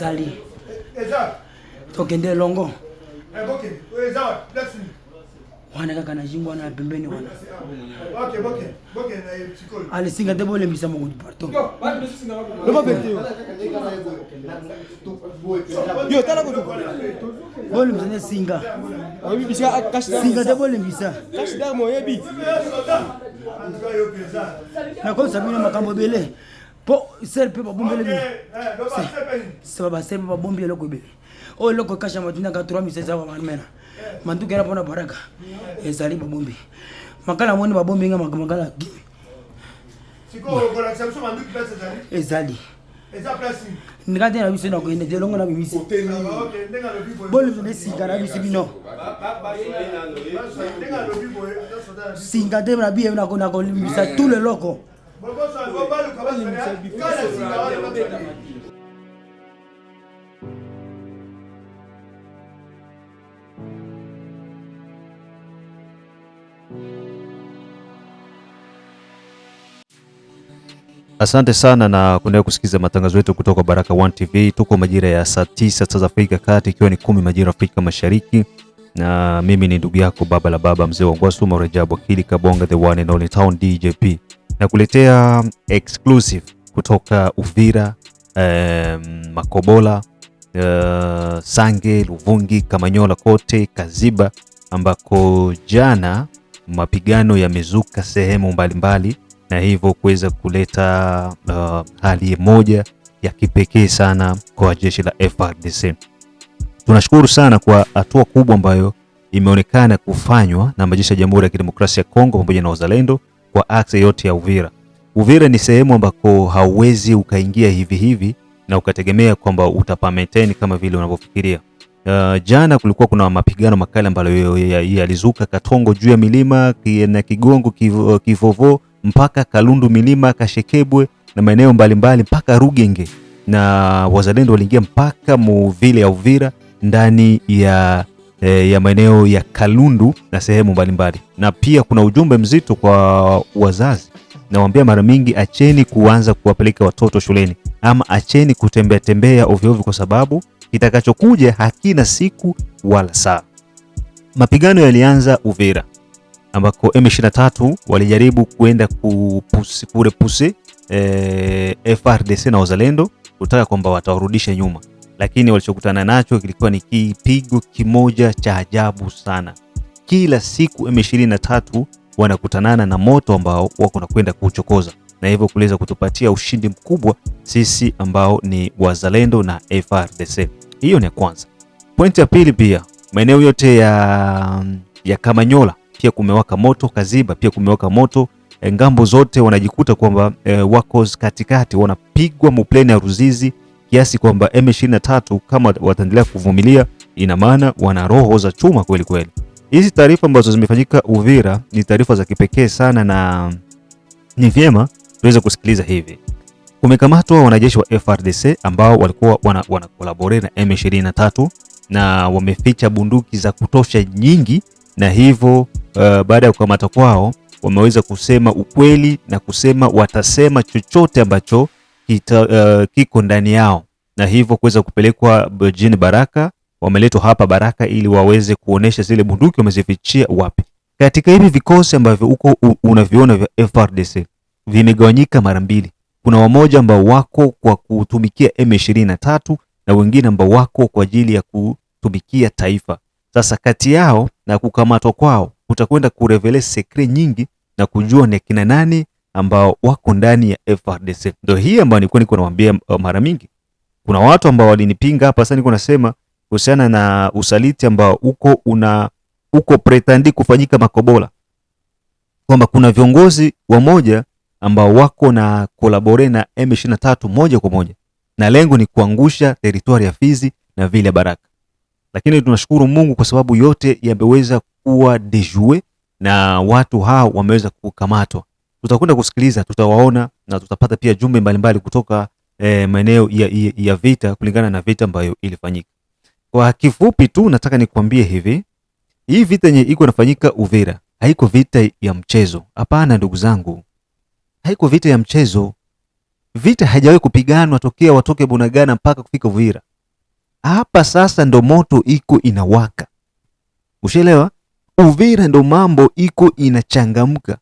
ezali tokende elongo wana kaka na jingo wana ya pembeni wana alisinga te bolembisa mokonzi parton loba pete yo tala koto bolembisa nde singa singa te bolembisa nakomisa bino makambo ebele mpo sere mpe babombeli seba basere mpe babombi eloko ebele oyo eloko ekasha matindaka 3 mise eza bamamena manduka era mpona baraka ezali babombi makala moni babombi nga makala ya gimi ezali ndinga te na biso na koyende te elongo na bimisi bolivu nde singa na biso bino singa te na biye na kolimbisa tout leloko Asante sana na kuendelea kusikiliza matangazo yetu kutoka Baraka One TV. Tuko majira ya saa tisa saa za Afrika Kati, ikiwa ni kumi majira Afrika Mashariki, na mimi ni ndugu yako baba la baba mzee wa Ngwasu Marajabu, akili Kabonga, the one and only town DJP na kuletea exclusive kutoka Uvira um, Makobola uh, Sange, Luvungi, Kamanyola, kote Kaziba ambako jana mapigano yamezuka sehemu mbalimbali mbali, na hivyo kuweza kuleta uh, hali moja ya kipekee sana kwa jeshi la FARDC. Tunashukuru sana kwa hatua kubwa ambayo imeonekana kufanywa na majeshi ya Jamhuri ya Kidemokrasia ya Kongo pamoja na wazalendo kwa aksi yote ya Uvira. Uvira ni sehemu ambako hauwezi ukaingia hivi hivi na ukategemea kwamba utapameteni kama vile unavyofikiria. Uh, jana kulikuwa kuna mapigano makali ambayo yalizuka Katongo juu ya milima na Kigongo Kivovo mpaka Kalundu milima Kashekebwe na maeneo mbalimbali mpaka Rugenge, na wazalendo waliingia mpaka muvile ya Uvira ndani ya e, ya maeneo ya Kalundu na sehemu mbalimbali. Na pia kuna ujumbe mzito kwa wazazi, nawaambia mara mingi, acheni kuanza kuwapeleka watoto shuleni ama acheni kutembea tembea ovyo kwa sababu kitakachokuja hakina siku wala saa. Mapigano yalianza Uvira ambako M23 walijaribu kuenda kupusi, kule e, eh, FRDC na wazalendo kutaka kwamba watawarudisha nyuma, lakini walichokutana nacho kilikuwa ni kipigo kimoja cha ajabu sana. Kila siku M23 wanakutanana na moto ambao wako na kwenda kuuchokoza na hivyo kuweza kutupatia ushindi mkubwa sisi ambao ni wazalendo na FRDC. Hiyo ni ya kwanza. Point ya pili, pia maeneo yote ya, ya Kamanyola pia kumewaka moto, Kaziba pia kumewaka moto. Eh, ngambo zote wanajikuta kwamba e, wako katikati wanapigwa mupleni ya Ruzizi kiasi kwamba M23 kama wataendelea kuvumilia, ina maana wana roho za chuma kweli kweli. Hizi taarifa ambazo zimefanyika Uvira ni taarifa za kipekee sana, na ni vyema tuweze kusikiliza hivi. Kumekamatwa wanajeshi wa FRDC ambao walikuwa wana, wana kolabore na M23 na wameficha bunduki za kutosha nyingi, na hivyo uh, baada ya kukamata kwao wameweza kusema ukweli na kusema watasema chochote ambacho kita, uh, kiko ndani yao na hivyo kuweza kupelekwa jini Baraka. Wameletwa hapa Baraka ili waweze kuonesha zile bunduki wamezifichia wapi. Katika hivi vikosi ambavyo uko unaviona vya FRDC vimegawanyika mara mbili. Kuna wamoja ambao wako kwa kutumikia M23 na wengine ambao wako kwa ajili ya kutumikia taifa. Sasa kati yao na kukamatwa kwao utakwenda kurevele sekre nyingi na kujua ni kina nani ambao wako ndani ya FRDC. Ndio hii ambayo nilikuwa niko nawaambia uh, mara mingi. Kuna watu ambao walinipinga hapa, sasa niko nasema kuhusiana na usaliti ambao uko una uko pretendi kufanyika Makobola, kwamba kuna viongozi wamoja ambao wako na kolabore na M23 moja kwa moja, na lengo ni kuangusha teritwari ya Fizi na vile Baraka. Lakini tunashukuru Mungu kwa sababu yote yameweza kuwa dejue na watu hao wameweza kukamatwa tutakwenda kusikiliza, tutawaona na tutapata pia jumbe mbalimbali kutoka e, maeneo ya, ya, ya vita kulingana na vita ambayo ilifanyika. Kwa kifupi tu nataka nikwambie hivi, hii vita yenye iko inafanyika Uvira haiko vita ya mchezo. Hapana ndugu zangu, haiko vita ya mchezo. Vita haijawahi kupiganwa tokea watoke Bunagana mpaka kufika Uvira. Hapa sasa ndo moto iko inawaka, ushaelewa? Uvira ndo mambo iko inachangamka.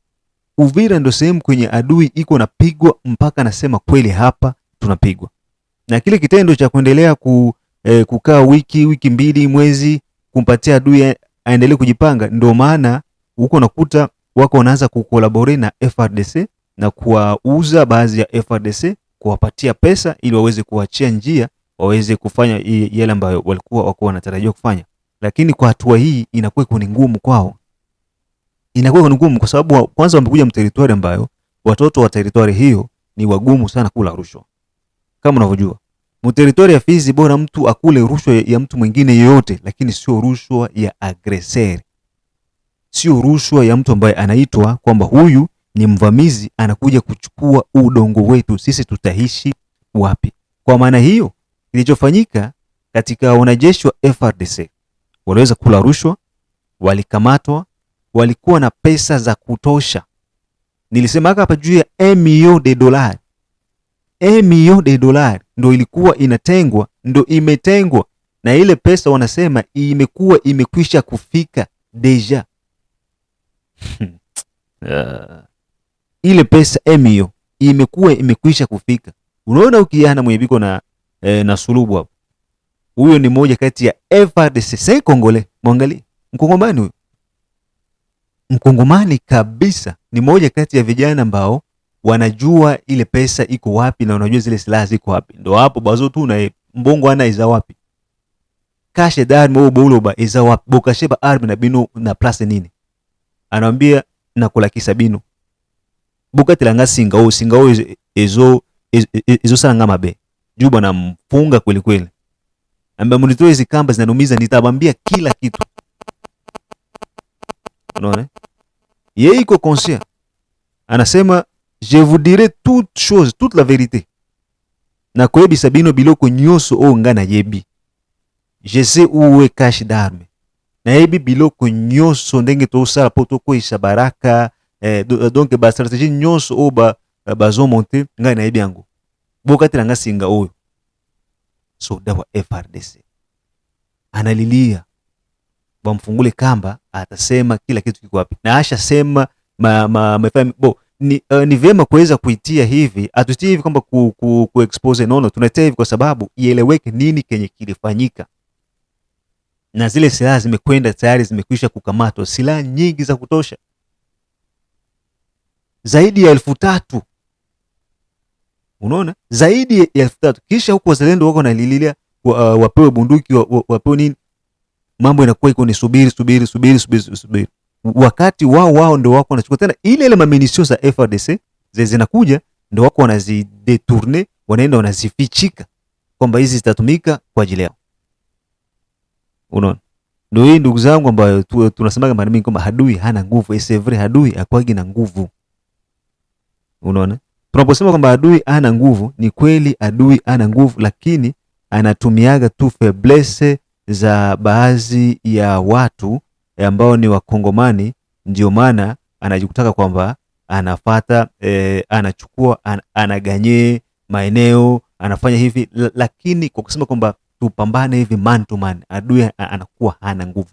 Uvira ndo sehemu kwenye adui iko napigwa mpaka nasema kweli, hapa tunapigwa. Na kile kitendo cha kuendelea ku, e, kukaa wiki wiki mbili mwezi kumpatia adui aendelee kujipanga, ndio maana huko nakuta wako wanaanza kukolabore na FRDC na kuwauza baadhi ya FRDC kuwapatia pesa ili waweze kuachia njia waweze kufanya yale ambayo walikuwa wako wanatarajiwa kufanya, lakini kwa hatua hii inakuwa ni ngumu kwao, inakuwa ngumu, kwa sababu kwanza wamekuja mteritori ambayo watoto wa teritori hiyo ni wagumu sana kula rushwa. Kama unavyojua mteritori ya Fizi, bora mtu akule rushwa ya mtu mwingine yoyote lakini sio rushwa ya agreseri, sio rushwa ya mtu ambaye anaitwa kwamba huyu ni mvamizi, anakuja kuchukua udongo wetu, sisi tutaishi wapi? Kwa maana hiyo, kilichofanyika katika wanajeshi wa FRDC waliweza kula rushwa, walikamatwa walikuwa na pesa za kutosha. Nilisema hapa juu ya un million de dollars, un million de dollars ndio ilikuwa inatengwa, ndio imetengwa, na ile pesa wanasema imekuwa imekwisha kufika deja uh, ile pesa un imekuwa imekwisha kufika. Unaona ukiana mwenye biko na eh, na sulubu hapo, huyo ni moja kati ya FARDC kongole, Mwangalie mkongomani huyo Mkongomani kabisa ni moja kati ya vijana ambao wanajua ile pesa iko wapi na wanajua zile silaha ziko wapi. Ndo hapo bazo tu na mbongo ana iza wapi kashe darme au boloba iza wapi bokasheba arme na binu na plus nini, anamwambia na kula kisa bino bukatilanga singa o singa o ezo ezo ngama be juba na mfunga kweli kweli, ambaye mnitoe hizo kamba zinanumiza, nitabambia kila kitu Unaona? Hein? Yeye iko conscient. Anasema je vous dirai toute chose, toute la vérité. Na kwebisa sabino biloko nyoso o nga yebi. Je sais où est cache d'arme. yebi biloko nyoso ndenge to poto ko isabaraka eh, eh, donc ba stratégie nyoso o ba eh, nga na yebi yango. Bokatela nga singa oyo. Soda wa FRDC. Analilia wamfungule kamba, atasema kila kitu kiko wapi, na ashasema ma, ma, ma, bo ni, uh, ni vema kuweza kuitia hivi, atutie hivi kwamba ku, ku, ku expose nono, tunaitia hivi kwa sababu ieleweke nini kenye kilifanyika, na zile silaha zimekwenda tayari, zimekwisha kukamatwa, silaha nyingi za kutosha, zaidi ya elfu tatu unaona, zaidi ya elfu tatu Kisha huku wazalendo wako wanalilia wapewe bunduki, wapewe nini, mambo inakuwa iko ni subiri subiri subiri subiri subiri, wakati wao wao ndio wako wanachukua tena ile ile maminisio za FRDC zinakuja, ndio wako wanazidetourner, wanaenda wanazifichika kwamba hizi zitatumika kwa ajili yao. Unaona, ndio hii ndugu zangu, ambayo tunasemaga mara mingi kwamba hadui hana nguvu. Eh, is every hadui akwagi na nguvu. Unaona, tunaposema kwamba adui hana nguvu, ni kweli adui hana nguvu, lakini anatumiaga tu faiblesse za baadhi ya watu eh, ambao ni Wakongomani, ndio maana anajikutaka kwamba anafata e, anachukua an, anaganyee maeneo anafanya hivi, lakini kwa kusema kwamba tupambane hivi man to man, adui anakuwa hana nguvu.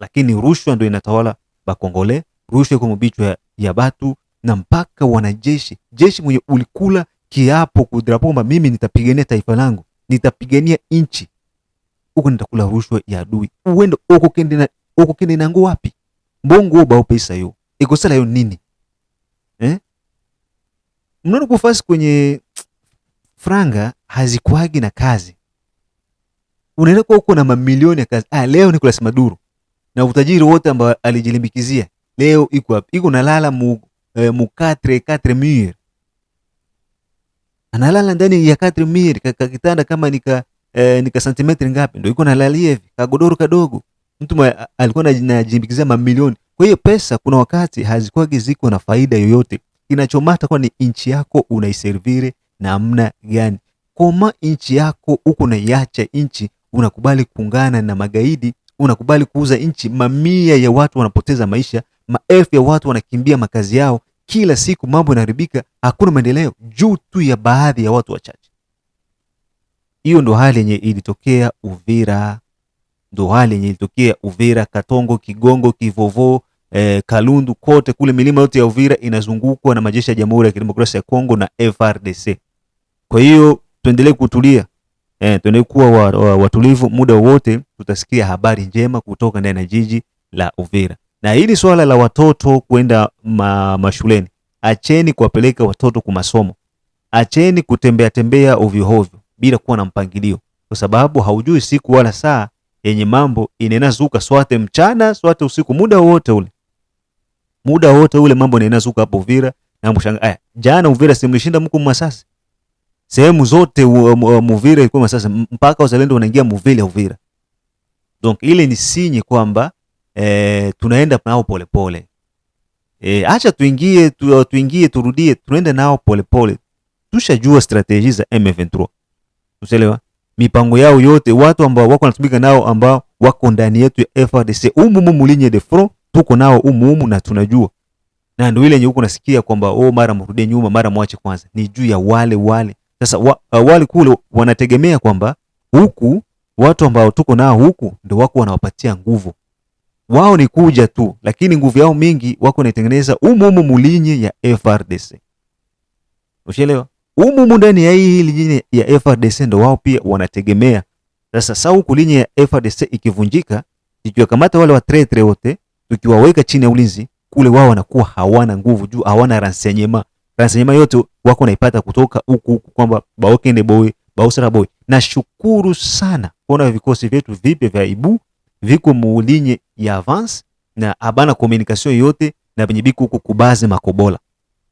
Lakini rushwa ndio inatawala Bakongole, rushwa iko mbichwa ya batu na mpaka wanajeshi jeshi mwenye ulikula kiapo kudirapo kwamba mimi nitapigania taifa langu, nitapigania nchi huko nitakula rushwa ya adui. Uende huko kende na huko kende na nguo wapi? Mbongo bao pesa hiyo. iko sala hiyo nini? Eh? Mnono kufasi kwenye franga hazikuagi na kazi. Unaenda kwa huko na mamilioni ya kazi. Ah, leo ni kula simaduru na utajiri wote ambao alijilimbikizia leo iko wapi? Iko nalala mu eh, mu 4 4 mur. Analala ndani ya 4 mur kakitanda kama nika eh, ka santimetri ngapi, ndio iko nalalia hivi kagodoro kadogo. Mtu alikuwa anajimbikizia mamilioni. Kwa hiyo pesa kuna wakati hazikuwa ziko na faida yoyote. Kinachomata kwa ni inchi yako unaiservire namna gani? Koma inchi yako huko unaiacha inchi, unakubali kuungana na magaidi, unakubali kuuza inchi. Mamia ya watu wanapoteza maisha, maelfu ya watu wanakimbia makazi yao kila siku, mambo yanaharibika, hakuna maendeleo juu tu ya baadhi ya watu wachache. Hiyo ndo hali yenye ilitokea Uvira, ndo hali yenye ilitokea Uvira, Katongo, Kigongo, Kivovo, eh, Kalundu, kote kule milima yote ya Uvira inazungukwa na majeshi ya Jamhuri ya Kidemokrasia ya Kongo na FRDC. Kwa hiyo tuendelee kutulia, eh, tuendelee kuwa watulivu, muda wote tutasikia habari njema kutoka ndani ya jiji la Uvira. Na hili swala la watoto kwenda ma, mashuleni, acheni kuwapeleka watoto kwa masomo, acheni kutembea tembea ovyo ovyo bila kuwa na mpangilio, kwa sababu haujui siku wala saa yenye mambo inenazuka, swate mchana swate usiku, muda wote ule, muda wote ule mambo inenazuka hapo Uvira na mshanga. Aya, jana Uvira simlishinda mko Masasi, sehemu zote Muvira um, um, ilikuwa Masasi, mpaka wazalendo wanaingia Muvira Uvira. Donc ile ni sinye kwamba e, tunaenda nao polepole e, eh, acha tuingie tu, tuingie turudie, tunaenda nao polepole. Tushajua strateji za M23 tuselewa Mipango yao yote watu ambao wako natubika nao ambao wako ndani yetu ya FRDC umu umu linye de front tuko nao umu umu na tunajua. Na ndio ile yenye huko nasikia kwamba oh, mara mrudie nyuma, mara mwache kwanza. Ni juu ya wale wale. Sasa wa, uh, wale kule wanategemea kwamba huku watu ambao tuko nao huku ndio wako wanawapatia nguvu. Wao ni kuja tu, lakini nguvu yao mingi wako naitengeneza umu umu mulinye ya FRDC. Ushaelewa? mu ndani ya hii linye ya FRDC ndo wao pia wanategemea. Sasa sauku linye ya FRDC ikivunjika, tukiwakamata wale wa tretre wote, tukiwaweka chini ya ulinzi kule, wao wanakuwa hawana nguvu juu hawana renseignement. Renseignement yote wako naipata kutoka huku huku kwamba baokende boy, bausara boy. Nashukuru sana kuona vikosi vyetu vipya vya Ibu viko muulinye ya avance na abana communication yote na benye biko huko kubaze Makobola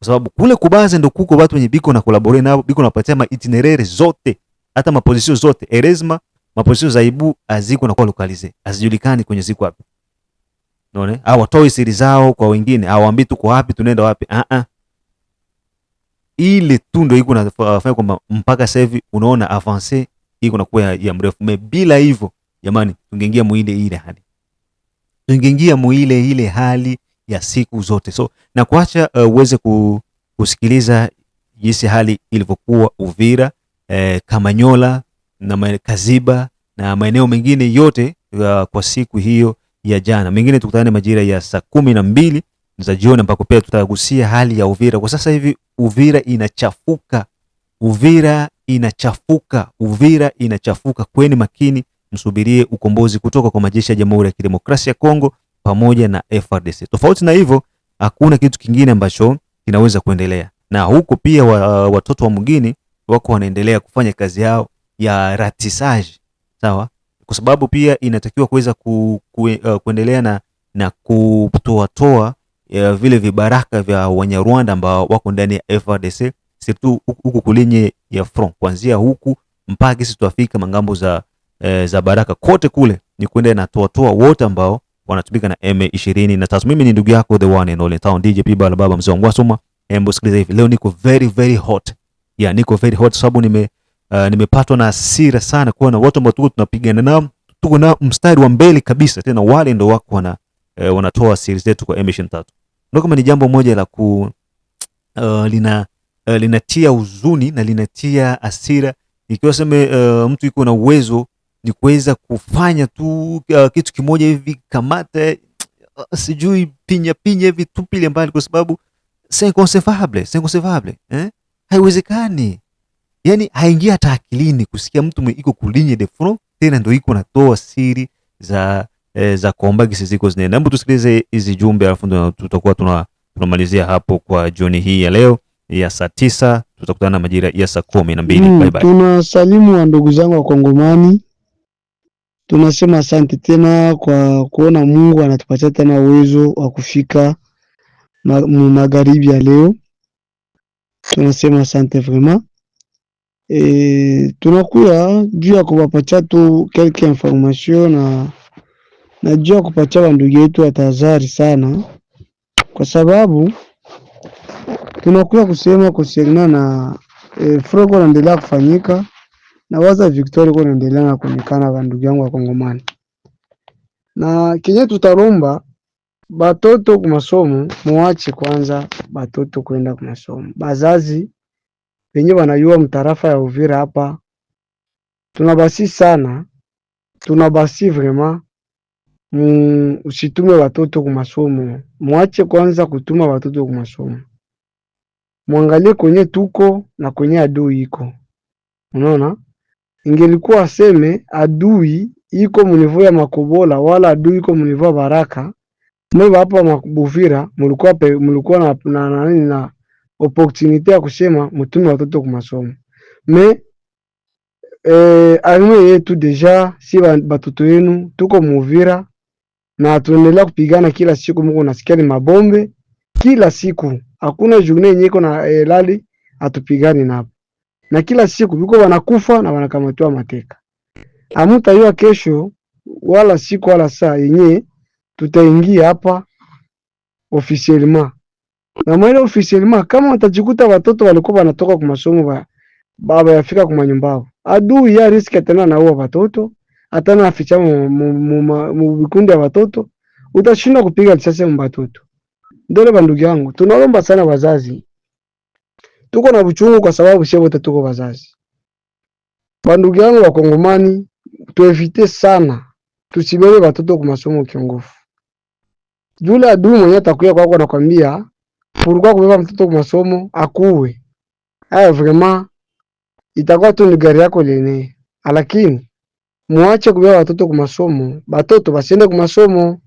kwa sababu kule kubaze ndo kuko watu wenye biko na kolabore nao, biko napatia ma itinerere zote, hata mapozisio zote erezma mapozisio za ibu aziko na kwa lokalize azijulikani kwenye ziko wapi, unaona au watoi siri zao kwa wengine, au hawaambii tuko wapi tunaenda wapi a a ile tu ndo iko nafanya kwamba mpaka sasa hivi unaona avance iko na kuwa ya mrefu me. Bila hivyo jamani, tungeingia muile ile hali, tungeingia muile ile hali ya siku zote. So na kuacha uh, uweze kusikiliza jinsi hali ilivyokuwa Uvira, eh, Kamanyola na Kaziba na maeneo mengine yote uh, kwa siku hiyo ya jana. Mengine tukutane majira ya saa kumi na mbili za jioni ambako pia tutagusia hali ya Uvira. Kwa sasa hivi Uvira inachafuka, Uvira inachafuka, Uvira inachafuka. Kweni makini, msubirie ukombozi kutoka kwa majeshi ya Jamhuri ya Kidemokrasia ya Kongo pamoja na FRDC. Tofauti na hivyo, hakuna kitu kingine ambacho kinaweza kuendelea, na huko pia wa, watoto wa mgini wako wanaendelea kufanya kazi yao ya ratisaji, sawa, kwa sababu pia inatakiwa kuweza ku, ku, uh, kuendelea na, na kutoatoa uh, vile vibaraka vya Wanyarwanda ambao wako ndani ya FRDC sirtu huku kulinye ya front kuanzia huku mpaka sisi tuafika mangambo za, e, za Baraka kote kule ni na toa toa wote ambao wanatumika na M23. Mimi ni ndugu yako the one and only town DJ P Bala Baba, mzee wangu Asuma. Hebu sikiliza hivi, leo niko very very hot ya, niko very hot sababu nime uh, nimepatwa na hasira sana kuwa na watu ambao tuko tunapigana nao, tuko na mstari wa mbele kabisa, tena wale ndio wako wana eh, wanatoa siri zetu kwa M23. Ndio kama ni jambo moja la ku uh, lina uh, linatia huzuni na linatia hasira ikiwa sema uh, mtu yuko na uwezo ni kuweza kufanya tu uh, kitu kimoja hivi, kamate uh, sijui pinya pinya hivi, tupile mbali, kwa sababu c'est inconcevable, c'est inconcevable eh, haiwezekani. Yani haingia hata akilini kusikia mtu mwenye iko kulinye de front tena ndio iko natoa siri za eh, za kuomba gisi ziko zinene. Hebu tusikilize hizi jumbe, alafu tutakuwa tuna tunamalizia hapo kwa jioni hii ya leo ya saa tisa. Tutakutana majira ya saa kumi na mbili. Mm, bye bye. Tunasalimu wa ndugu zangu wa Kongomani Tunasema asante tena kwa kuona Mungu anatupatia tena uwezo wa kufika ma, magharibi ya leo. Tunasema asante vraiment. E, tunakuya juu ya kuwapatia tu quelques information na na juu ya kupatia wandugu yetu watazari sana, kwa sababu tunakuya kusema kusiana na e, frogo naendelea kufanyika na waza Victoria kwa naendelea na kuonekana kwa ndugu yangu wa Kongomani, na kenye tutaromba batoto kumasomo, muache kwanza batoto kwenda kumasomo. Bazazi wenye wanayua mtarafa ya Uvira hapa tunabasi sana, tunabasi vrema mm, usitume watoto kumasomo, muache kwanza kutuma watoto kumasomo, mwangalie kwenye tuko na kwenye adui iko, unaona Ingelikuwa aseme adui iko munivo ya makobola wala adui iko munivo ya baraka mwe bapa mabuvira mlikuwa mlikuwa na na na, na, na opportunity ya kusema mutume watoto kumasomo me eh, arme yetu deja si batoto yenu tuko muvira na tunaendelea kupigana kila siku. mko nasikia ni mabombe kila siku, hakuna jugne yenye na elali eh, atupigani napo na kila siku viko wanakufa na wanakamatiwa mateka. Amutayua kesho wala siku wala saa yenye tutaingia hapa ofisielema na mwele ofisielema, kama watajikuta watoto walikuwa wanatoka kwa masomo ba baba yafika kwa nyumba yao, adui ya riski atana huo watoto atana aficha mu vikundi ya watoto, utashindwa kupiga risasi mu watoto. Ndole bandugu yangu, tunaomba sana wazazi tuko na buchungu kwa sababu sie wote tuko wazazi. Bandugu yangu wa Kongomani, tuevite sana, tusibebe watoto kwa masomo kiongofu. Jule adui mwenye atakuya kwako nakwambia, purukwa kubeba mtoto kwa masomo akuwe haya, vraiment itakuwa tu ni gari yako lene, lakini muache kubeba watoto kwa masomo, batoto basiende kwa masomo,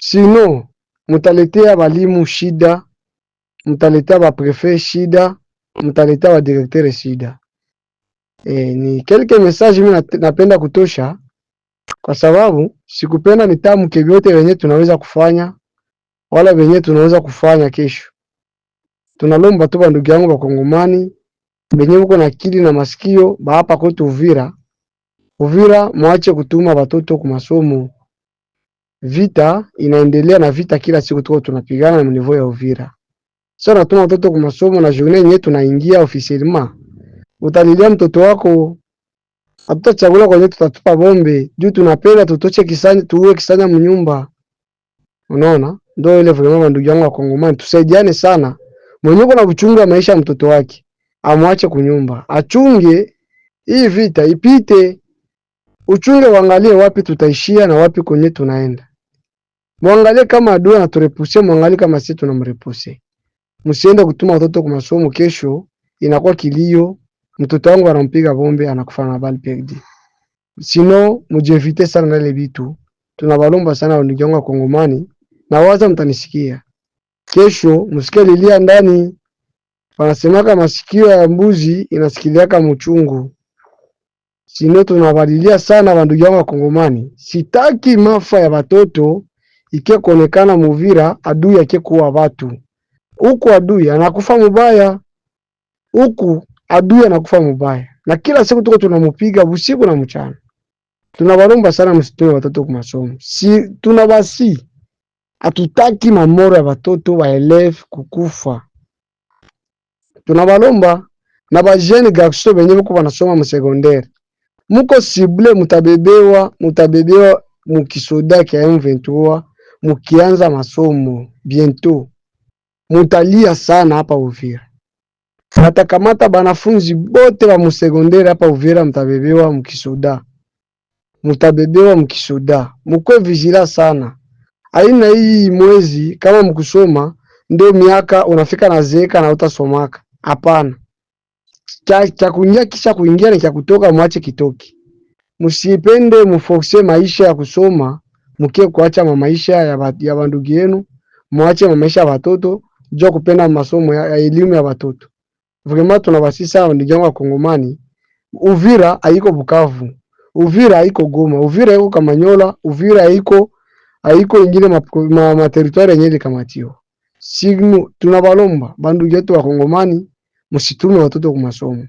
sino mutaletea balimu shida mtaletea prefet shida, mtaletea directeur shida. E, ni kelke message mimi napenda kutosha, kwa sababu sikupenda nitamke vyote wenye tunaweza kufanya wala wenye tunaweza kufanya kesho. Tunalomba tu ndugu yangu bakongomani wenye uko na akili na masikio ba hapa kwetu Uvira. Uvira mwache kutuma watoto kwa masomo. Vita inaendelea na vita kila siku tuko tunapigana na mlevo ya Uvira sio natuma mtoto kwa masomo na journée yenyewe tunaingia officiellement. Utalilia mtoto wako hatutachagula kwenye tutatupa bombe juu tunapenda tutoche kisanya tuue kisanya mnyumba. Unaona? Ndio ile vile mama, ndugu yangu wa Kongomani tusaidiane sana. Mwenye kuna kuchunga maisha ya mtoto wake amwache kunyumba. Achunge hii vita ipite. Uchunge uangalie wapi tutaishia na wapi kwenye tunaenda. Mwangalie kama adui anaturepusia, mwangalie kama sisi tunamrepuse msiende kutuma watoto kwa masomo kesho, inakuwa kilio, mtoto wangu anampiga bombe anakufa na bali perdi. Sino mujevite sana nale bitu, tunabalomba sana wandugu wangu Kongomani na waza, mtanisikia kesho, msikie lilia ndani. Wanasemaka masikio ya mbuzi inasikiliaka mchungu. Sino tunabalilia sana wandugu wangu Kongomani, sitaki mafa ya watoto ikie kuonekana Muvira, adui yake kuwa watu huku adui anakufa mubaya, huku adui anakufa mubaya, na kila siku tuko tunamupiga usiku na mchana. Tunabaromba sana msitume watoto kwa masomo, si tunabasi, hatutaki mamoro ya watoto wa waelefu kukufa. Tunabalomba na bajeni garso benye muko banasoma msekondari, muko sible, mutabebewa mutabebewa mukisoda kya M23 mukianza masomo bientôt mutalia sana hapa Uvira. Batakamata banafunzi bote ba musegondere hapa Uvira, mtabebewa mkisoda, mutabebewa mkisoda, mukwe vigila sana. Aina hii mwezi kama mkusoma ndio miaka unafika na zeka na utasomaka hapana. Cha, cha kuingia kisha kuingia na cha kutoka mwache kitoki. Msipende mufokse maisha ya kusoma, mkie kuacha maisha ya bandugu yenu, mwache maisha ya watoto juu kupenda masomo ya, elimu ya watoto. Vraiment tunawasihi sana ndugu yangu Kongomani, Uvira haiko Bukavu, Uvira haiko Goma, Uvira haiko Kamanyola, Uvira haiko haiko ingine ma, ma, ma yenye likamatiwa signu. Tunabalomba bandu yetu wa Kongomani, msitume watoto kwa masomo,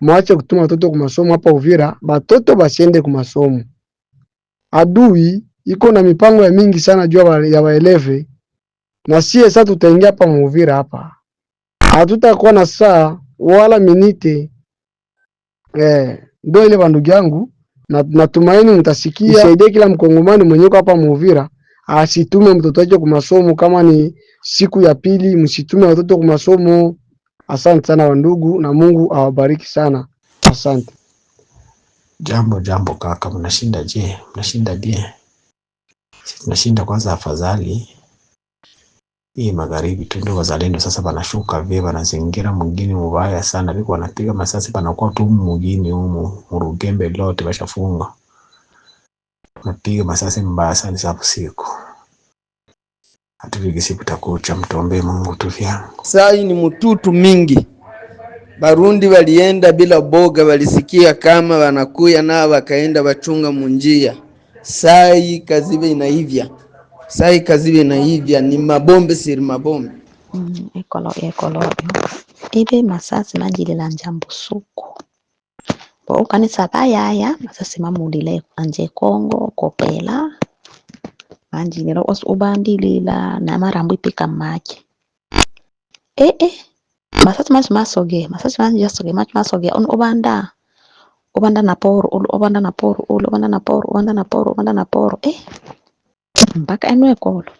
mwache kutuma watoto kwa masomo hapa Uvira, batoto basiende kwa masomo. Adui iko na mipango ya mingi sana juu ya waeleve na sie saa tutaingia hapa Muvira hapa hatutakuwa na saa wala minite eh, ndo ile bandugu yangu na, natumaini mtasikia saidie kila mkongomani mwenyeko hapa Muvira asitume mtoto wake kumasomo kama ni siku ya pili, msitume watoto kumasomo. Asante sana wandugu, na Mungu awabariki sana, asante. Jambo jambo kaka, mnashinda je? Mnashinda bie? Tunashinda kwanza, afadhali hii magharibi tu ndio wazalendo sasa wanashuka vile wanazingira mwingine mubaya sana viko wanapiga masasi panakuwa tu mwingine humu murugembe lote bashafunga napiga masasi mbaya sana sasa siku hatuviki siku takucha mtombe Mungu tu tuvya sai ni mututu mingi Barundi walienda bila boga walisikia kama wanakuya nao wakaenda wachunga munjia sai kazibe inaivya sai zive na hivya ni mabombe siri mabombe mm, ekolo ekolo ibe masasi najilila nja mbusuku bo ukanisa kayaya masasi mamulile anje kongo kopela anjilila osi ubandilila na marambu ipika maki ee eh, eh. masasi manje masoge masasi manje yasoge manje masoge onu ubanda ubanda na poru ulu ubanda na poru ulu ubanda na poru ubanda na poru ubanda na poru eh mpaka anwe kolo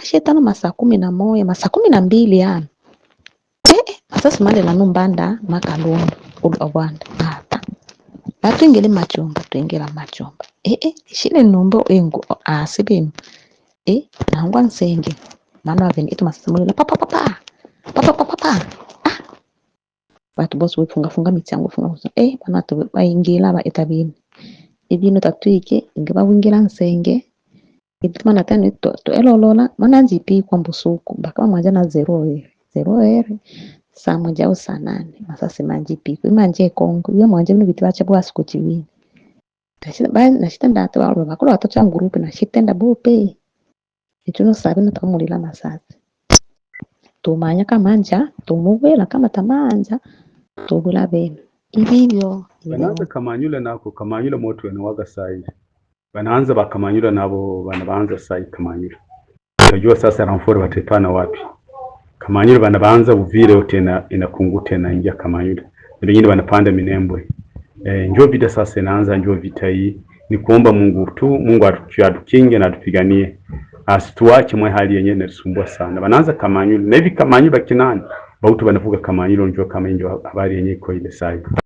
ashitano masaa kumi na moya masaa kumi na mbili yani ee eh, eh, masasimale nanumbanda makalundu ulwa bwanda ata natwingile machumba twingira machumba ee eh, shile numbo engu asibim e nangwa nsenge maana avene itu masasimule papapapa papapapa ah batu bose wifunga funga mitsango funga kusa eh bana tu bayingila ba etabini ibino tatwike ngiba wingila nsenge Ituma natani to elolola mwananjipi kwa mbusuku baka mwanja na zero ere zero ere saa moja au saa nane masasi manjipi imanje kongo iyo mwanje ni bitu acha bwa siku chiwini tashita basi nashita ndato walo bakolo watocha ngurupe nashita ndabupe ichuno sabi natamulira masasi tumanya kamanja tumubwela kama tamanja tubula bene ibibyo Wenaze kamanyule nako kamanyule motu wenawaga saizi Wanaanza Bakamanyura nabo wanaanza sai Kamanyura. Unajua sasa ramfori watepana wapi? Kamanyura wanaanza Uvire yote na inakungu tena ingia Kamanyura. Na wengine wanapanda Minembwe. E, njoo vita sasa inaanza njoo vita hii. Ni kuomba Mungu tu, Mungu atukinge na atupiganie. Asituache mwe hali yenyewe inasumbua sana. Wanaanza Kamanyura. Na hivi Kamanyura kinani? Bautu wanavuka Kamanyura njoo kama njoo habari yenyewe iko ile sai.